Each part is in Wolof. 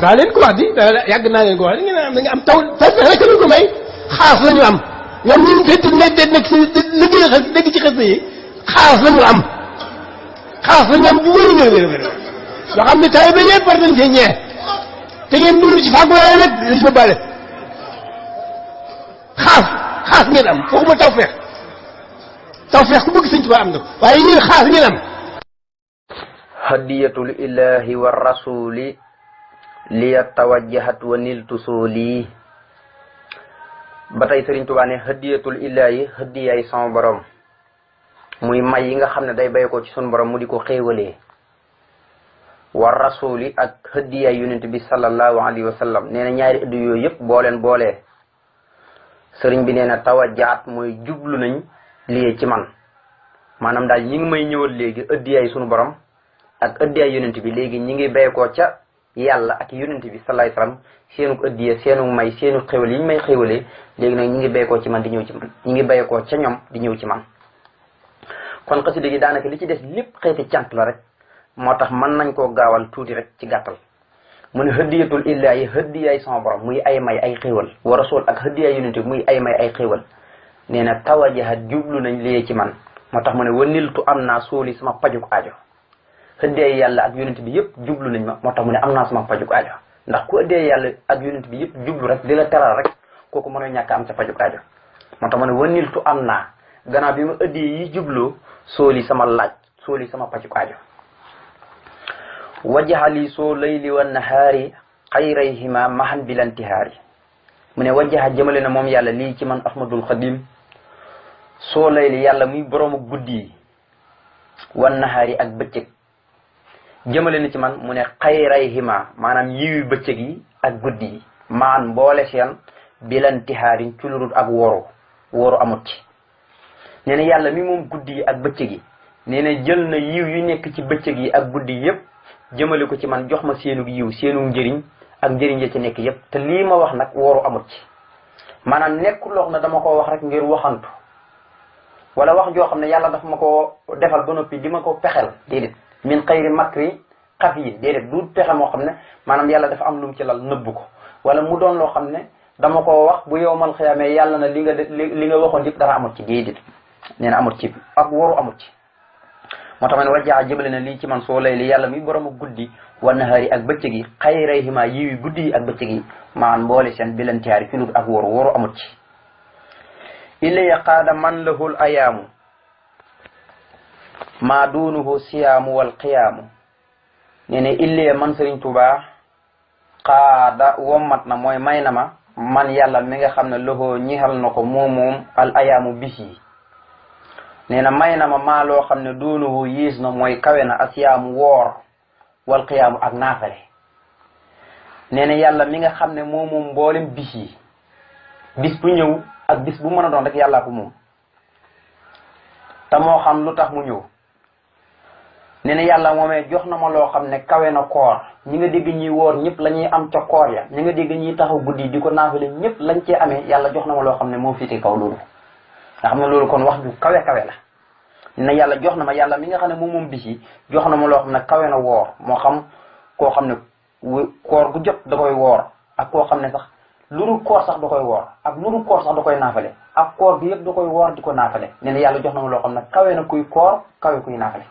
daa leen ko wax di yàgg naa leen ko wax di maanaam da nga am taw tawfeex rek la ko may xaas la ñu am ñoom ñun fekk nañ de nekk si liggéey xas dëgg ci xas yi xaas la ñu am xaas la ñu am bu wér wér wér wér yoo xam ne taw bi yëpp war nañ cee ñeex te ngeen dund ci fàggu waaye nag dañ ko bale xaas xaas ngeen am fooguma tawfeex tawfeex ku bëgg sëñ Tuubaa am na waaye ñun xaas ngeen am hadiyatul ilahi wa rasuli liya tawajjahat wa niltu soolii ba tey sëriñ tubaa ne hëddiyatul illaahi hëddiyaay sama borom muy may yi nga xam ne day bay ci sunu borom mu di ko xéewalee wa rasuli ak hëddiyaay yonent bi sallallahu alayhi wa sallam nee na ñaari ëddu yooyu yëpp booleen boolee sëriñ bi nee na tawajjaat mooy jublu nañ lii ci man maanaam daal ñi ngi may ñëwal léegi ëddiyaay sunu borom ak ëddiyaay yonent bi léegi ñi ngi bay ca yàlla ak yonent bi salaay salaam seenu ëddiya seenu may seenu xéwal yi may xéwalee léegi nag ñi ngi béykoo ci man di ñëw ci man ngi béykoo ca ñoom di ñëw ci man kon xasida gi daanaka li ci des lépp xeeti cant la rek moo tax man nañ koo gaawal tuuti rek ci gàttal mu ne hëddiyatul illaahi hëddiyaay sama borom muy ay may ay xéwal wa rasul ak hëddiyaay yonent muy ay may ay xéwal nee na tawajahat jublu nañ lee ci man moo tax mu ne waniltu am naa sooli sama pajuk aajo ëddee yàlla ak yonent bi yëpp jublu nañ ma moo tax mu ne am naa sama pajuk ndax ku ëddee yàlla ak yonent bi yëpp jublu rek di la teral rek kooku mënoo ñàkk am sa pajuk moo tax mu ne waniltu am naa gannaaw bi ma ëddee yi jubloo sooli sama laaj sooli sama pajuk aajo wajaxali soo layli wa nahaari xayrayhima mahan bilantihaari mu ne wajaxa jëmale na moom yàlla lii ci man ahmadul xadim soo layli yàlla muy boroomu guddi yi wan nahaari ak bëccëg jëmale na ci man mu ne xayray hima maanaam yiwi bëccëg yi ak guddi yi maan mboole seen bilan tixaarin ci lurut ak woru woru amut ci nee na yàlla mi moom guddi yi ak bëccëg yi nee jël na yiw yu nekk ci bëccëg yi ak guddi yépp jëmale ko ci man jox ma seenug yiw seenug njëriñ ak njëriñ ya ci nekk yépp te lii ma wax nag woru amut ci maanaam nekkul loo ne dama ko wax rek ngir waxantu wala wax joo xam ne yàlla daf ma ko defal ba noppi di ma ko pexel déedéet min xayri makri xaf yi déedéet du pexe moo xam ne maanaam yàlla def am lu ci lal nëbbu ko wala mu doon loo xam ne dama ko wax bu yowmal xiyaamee yàlla na li nga li nga waxoon yëpp dara amul ci déedéet nee na ci ak waru amul ci moo tax ma ne wajaa na lii ci man soo lay li yàlla mi borom a guddi wa nahaari ak bëccëg yi xayrayhima yiwi guddi yi ak bëccëg yi maan mboole seen bilantiyaari ci lut ak waru waru amut ci ilaya man la lahul ayaamu ma duunuhu siyaamu wal qiyaamu ne ne illee man Sëriñ Tuubaa xaada wommat na mooy may na ma man yàlla mi nga xam ne loxoo ñixal na ko moom al ayaamu bis yi nee na may na ma maa loo xam ne duunuhu yiis na mooy kawe na asiyaamu woor wal qiyaamu ak naafale nee na yàlla mi nga xam ne moom moom mboolem bis yi bis bu ñëw ak bis bu mën a doon rek yàllaa ko moom te moo xam lu tax mu ñëw ne na yàlla moomee jox na ma loo xam ne kawe na koor ñi nga dégg ñuy wóor ñëpp la ñuy am ca koor ya ñi nga dégg ñuy taxaw guddi di ko naafale ñëpp lañ cee amee yàlla jox na ma loo xam ne moo féete kaw loolu xam ne loolu kon wax ju kawe na yàlla jox na ma yàlla mi nga xam ne moom moom bis yi jox na ma loo xam ne kawe na moo xam koo xam ne koor gu jot da koy woor ak koo xam ne sax luru koor sax da koy woor ak luru koor sax da koy naafale ak koor bi yëpp da koy woor ko naafale ne yàlla jox na ma loo xam ne kawe na kuy koor kawe kuy naafale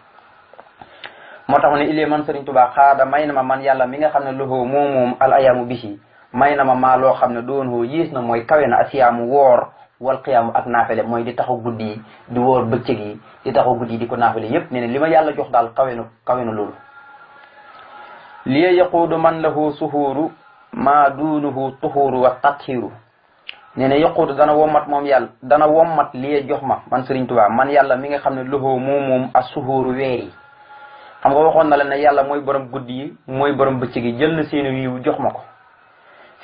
moo tax mu ne illee man sëriñ tubaa xaada may na ma man yàlla mi nga xam ne loxoo moo moom al ayaamu bihi may na ma maa loo xam ne doon hoo yées na mooy kawe na asiyaamu woor wal xiyaamu ak naafale mooy di taxu guddi yi di woor bëccëg yi di taxu guddi di ko naafale yépp ne ne li ma yàlla jox daal kawe na kawe na loolu man lahu suhuuru maa duunuhu tuhuuru wa tathiiru ne ne yaquudu dana wommat moom yàlla dana wommat liee jox ma man sëriñ tubaa man yàlla mi nga xam ne loxoo moo moom as xam nga waxoon na la ne yàlla mooy borom guddi yi mooy borom bëccëg yi jël na seen wiiwu jox ma ko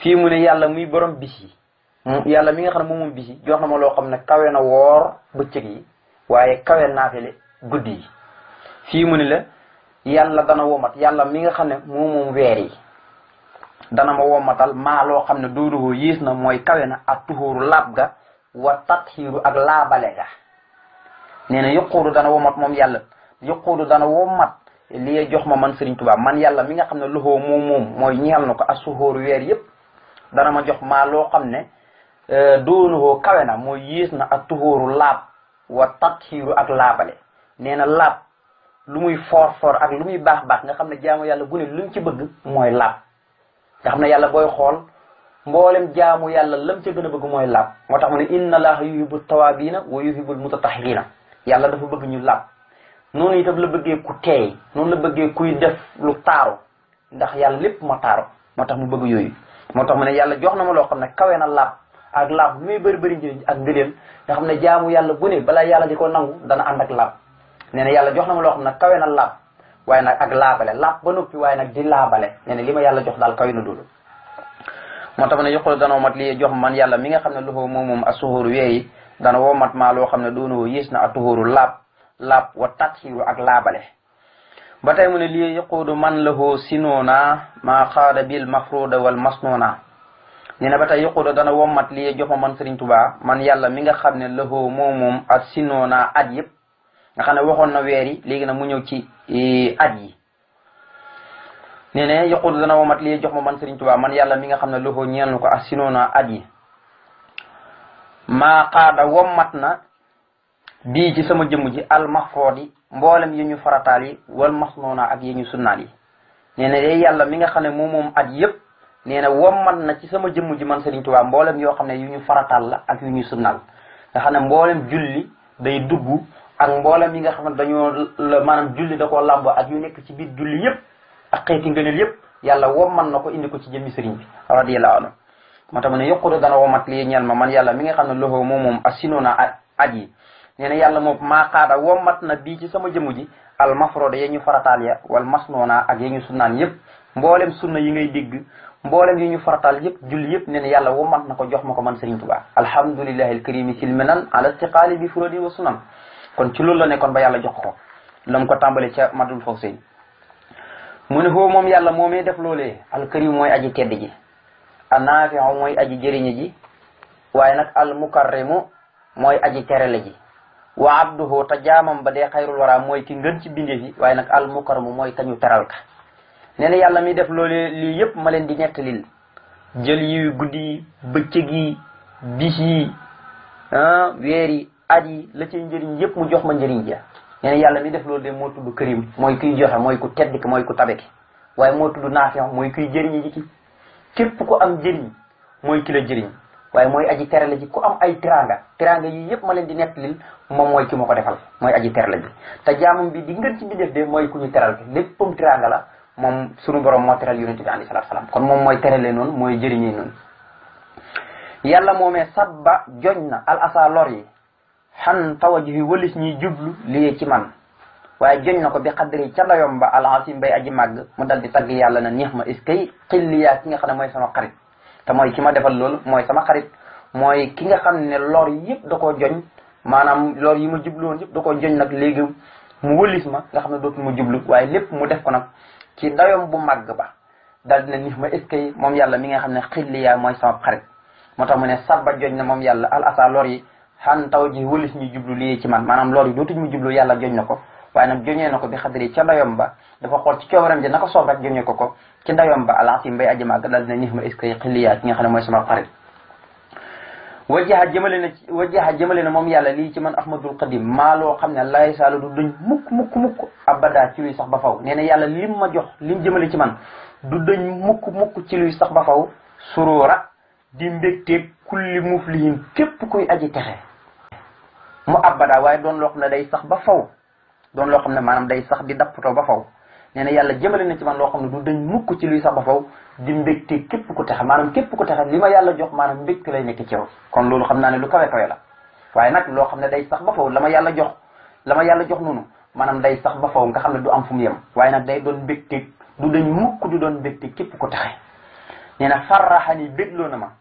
fii mu ne yàlla muy borom bis yàlla mi nga xam ne moom bis yi jox na loo xam ne kawe na woor bëccëg yi waaye kawe naafile guddi yi fii mu ne la yàlla dana womat yàlla mi nga xam ne moom weer yi dana ma womatal maa loo xam ne dooduhoo yées na mooy kawe na ak tuxóoru laab ga wa tatxiiru ak laabale ga nee na yëquudu dana womat moom yàlla yëquudu dana womat li jox ma man Serigne Touba man yàlla mi nga xam ne loxoo moom mooy ñeel na ko asuhóor weer yëpp dana ma jox ma loo xam ne e, doonuhoo kawe na mooy yées na ak tuhóoru laab wa tatxiiru ak laabale nee na laab lu muy foor foor ak lumuy muy baax baax nga xam ne jaamu yàlla gune luñ ci bëgg mooy laab nga xam ne yàlla booy xool mboolem jaamu yàlla lam ca gën a bëgg mooy laab moo tax mu ne inna allaha yuhibbu tawaabiina wa yuhibbul mutatahhirina yàlla dafa bëgg ñu laab noonu itam la bëggee ku teey noonu la bëggee kuy def lu taaru ndax yàlla lépp moo taaru moo tax mu bëgg yooyu moo tax mu ne yàlla jox na ma loo xam ne kawee na laab ak laab bu ak ngëneel xam ne jaamu yàlla bu ne yàlla di ko dana ànd ak laab nee yàlla jox na ma loo xam ne kawe na laab waaye nag ak laabale laab ba noppi waaye nag di laabale nee na li yàlla jox daal kawe na loolu moo tax mu ne yoqul dana womat li jox man yàlla mi nga xam ne loxoo moom moom a suhóoru weeyi dana maa loo xam ne doonoo yées na a tuhóoru laab làpp wa tatxiru ak laabale ba tey mu ne lii yaquudu man lahoo sinoona maa xaada bil mafruda wal masnoona ñu ne ba tey yaquudu dana wommat lii jox ma man Sëriñ Tuubaa man yàlla mi nga xam ne lahoo moom moom ak sinoona at yëpp nga xam ne waxoon na weer yi léegi nag mu ñëw ci e, at yi ne ne yaquudu dana wommat lii jox ma man Sëriñ Tuubaa man yàlla mi nga xam ne lahoo ñeel na ko ak sinoona at yi maa xaada wommat na bii ci sama jëmm ji al mahfood yi mboolem yi ñu farataal yi wal masnoona ak yi ñu sunnaal yi nee na day yàlla mi nga xam ne moom moom at yëpp nee na womman na ci sama jëmm ji man Sëriñ Tuubaa mboolem yoo xam ne yu ñu farataal la ak yu ñu sunnaal nga xam ne mboolem julli day dugg ak mboolem yi nga xam ne dañoo la maanaam julli da koo làmb ak yu nekk ci biir julli yëpp ak xeeti ngëneel yëpp yàlla womman na ko indi ko ci jëmmi sëriñ bi radiyallahu anhu moo tax mu ne yokkudu dana womat lii ñeel ma man yàlla mi nga xam ne loxo moom moom asinoona at yi nee na yàlla moom maaxaada mat na bii ci sama jëmu ji al mafroda ya ñu farataal ya wal masnoona ak ya ñu sunnaan yëpp mboolem sunna yi ngay dégg mboolem yi ñu farataal yëpp julli yëpp nee na yàlla wommat na ko jox ma ko man Sëriñ Tuubaa alhamdulillahi alkarimi silminan ala istiqaali bi furadi wa sunan kon ci loolu la nekkoon ba yàlla jox ko lam ko tàmbale ca madul fawsey mu ne xoo moom yàlla moomee def loolee alkarim mooy aji tedd ji annaafiu mooy aji jëriñe ji waaye nag almukarrimu mooy aji terele ji wa abduhu te jaamam ba dee xayrul wara mooy ki ngën ci bindee fi waaye nag al mukarramu mooy kañu teral ka nee yàlla mi def loolu lii yëpp ma leen di nettalil jël yiw guddi yi bëccëg yi bis yi ah, weer yi at yi la ci njëriñ yëpp mu jox ma njëriñ ja nee yàlla mi def loolu de moo tudd kërim mooy kuy joxe mooy ku tedd ki mooy ku tabe ki waaye moo tudd naafiya mooy kuy jëriñ ji ki képp ko am jëriñ mooy ki la jëriñ waaye mooy aji terale ji ko am ay tiranga tiranga yi yëpp ma leen di nettalil moom mooy ki moo ko defal mooy aji terale ji te jaamam bi di ngeen ci bi def de mooy ku ñu teral bi léppam la moom sunu borom moo teral yonente bi alayhi salaatu salaam kon moom mooy terale noonu mooy jëriñee noonu yàlla moomee sabba joñ na al asa lor yi xan tawaju yi walis ñuy jublu lii ci man waaye joñ na ko bi xadri ca layoom ba alasim bay aji màgg mu dal di tagg yàlla na neex ma is kay xilliyaa ki nga xam ne mooy sama xarit te ki ma defal loolu mooy sama xarit mooy ki nga xam ne loor yëpp da koo joñ maanaam lor yi ma jublu woon yëpp da koo joñ nag léegi mu wëllis ma nga xam ne dootu ma jublu waaye lépp mu def ko nag ci dayoom bu màgg ba daal dina nix ma est-ce moom yàlla mi nga xam ne xilliyaa mooy sama xarit moo tax mu ne sabba joñ na moom yàlla al asa lor yi xan taw ji wëllis ñu jublu lii ci man maanaam lor yi dootuñ mu jublu yàlla joñ na ko waaye nag joñee na ko bi xadri ca ndayom ba dafa xool ci coobaram ji na ko soob rek joñee ko ko ci ndayom ba alancim bay aji màgg daal dina nix ma iskay xilliyaa ki nga xam ne mooy na wajaha moom yàlla lii ci man ahmadul qadim maa loo xam ne lay saalu du duñ mukk mukk mukk abada ci luy ba faw nee na yàlla lim ma jox lim jëmale ci man du duñ mukk mukk ci luy sax ba faw suruura di mbégteeg kulli képp kuy aji texe mu abada waaye doon loo xam ne day sax ba faw doon loo xam ne maanaam day sax di dappatoo ba faw nee na yàlla jëmale na ci man loo xam ne du dañ mukk ci luy sax ba faw di mbégte képp ku texe maanaam képp ku texe li ma yàlla jox maanaam mbégte lay nekk ci yow kon loolu xam naa ne lu kawe kawe la waaye nag loo xam ne day sax ba faw la ma jox la yàlla jox noonu maanaam day sax ba faw nga xam ne du am fu mu waaye nag day doon mbégte du dañ mukk du doon mbégte képp ku texe nee na farraxani bégloo na ma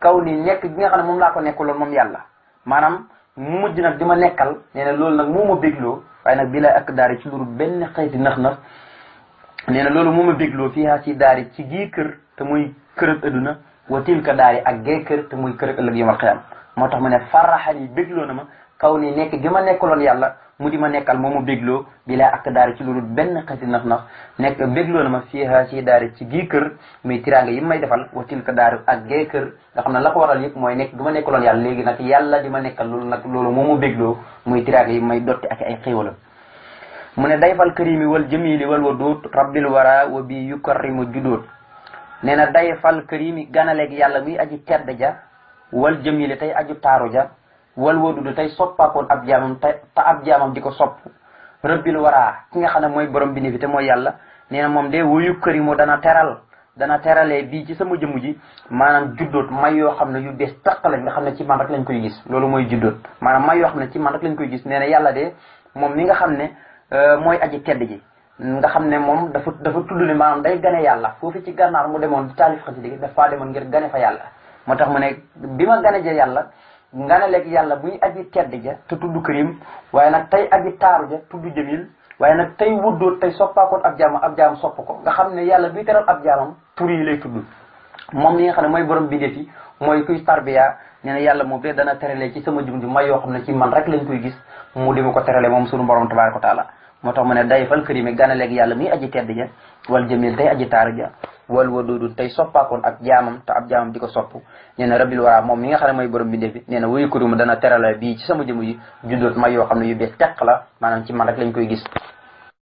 kaw ni nekk gi nga xam ne moom laa ko nekkuloon moom yàlla maanaam mujj nag di ma nekkal nee na loolu nag moo ma bégloo waaye nag bi lay ak daari ci luru benn xeeti nax-nax nee na loolu mooma bégloo fii haa si daari ci gii kër te muy kër ak adduna wa tilka daari ak gee kër te muy kër ak ëllëg yomal xiyam moo tax mu ne faraxan yi bégloo na ma kaw ni nekk gi ma nekkaloon yàlla mu di ma nekkal mu bégloo bi laa ak daari ci loolu benn xasi naf naf nekk bégloo na ma fiiha ci daari ci gii kër muy tiraanga yi may defal watil ka daari ak gee kër nga xam ne la ko waral yëpp mooy nekk du ma nekk nekkaloon yàlla léegi nag yàlla di ma nekkal loolu nag loolu moomu bégloo muy tiraanga yi may dotti ak ay xéewalam mu ne day dayfal karimi wal jamili wal wadoot rabbil wara wa bi yukarrimu judoot nee na dayfal karimi ganaleeg yàlla muy aji tedd ja wal jamili tey aju taaru ja wal wadudu tey soppaakoon ab jaamam te te ab jaamam di ko sopp rabbil waraa ki nga xam ne mooy borom bi ni te mooy yàlla nee moom de wuyu kërimu dana teral dana teralee bii ci sama jëmm ji maanaam juddoot may yoo xam ne yu bees taq lañ nga xam ne ci man rek lañ koy gis loolu mooy juddoot maanaam may yoo xam ne ci man rek lañ koy gis nee na yàlla de moom mi nga xam ne euh, mooy aji tedd ji nga xam ne moom dafa dafa tudd ne maanaam day gane yàlla foofu ci gànnaar mu demoon taalif xasida gi dafa demoon ngir gane fa yàlla moo tax mu ne bi ma yàlla nganaleeg yàlla buy aji tedd ja te tudd karim waaye nag tey aji taaru ja tudd jamil waaye nag tey wuddóot tey soppaakoon ab jaam ab jaam sopp ko nga xam ne yàlla buy teral ab jaamam tur lay tudd moom ni nga xam ne mooy borom bindeef yi mooy kuy tarbiya nee na yàlla moom de dana terale ci sama jum ju may yoo xam ne ci man rek lañ koy gis mu dima ko terale moom sunu borom tabaraka wa taala moo tax mu ne dayfal karimi ganaleeg yàlla muy aji tedd ja wal jamil tey aji taaru ja wal waduudun tey soppaakoon ak jaamam te ab jaamam di ko sopp nee na rabil moom mi nga xam ne mooy borom bindee fi nee na wuyu kuruma dana terala bii ci sa jëmu ji juddoot may yoo xam ne yu bees teq la maanaam ci man rek lañ koy gis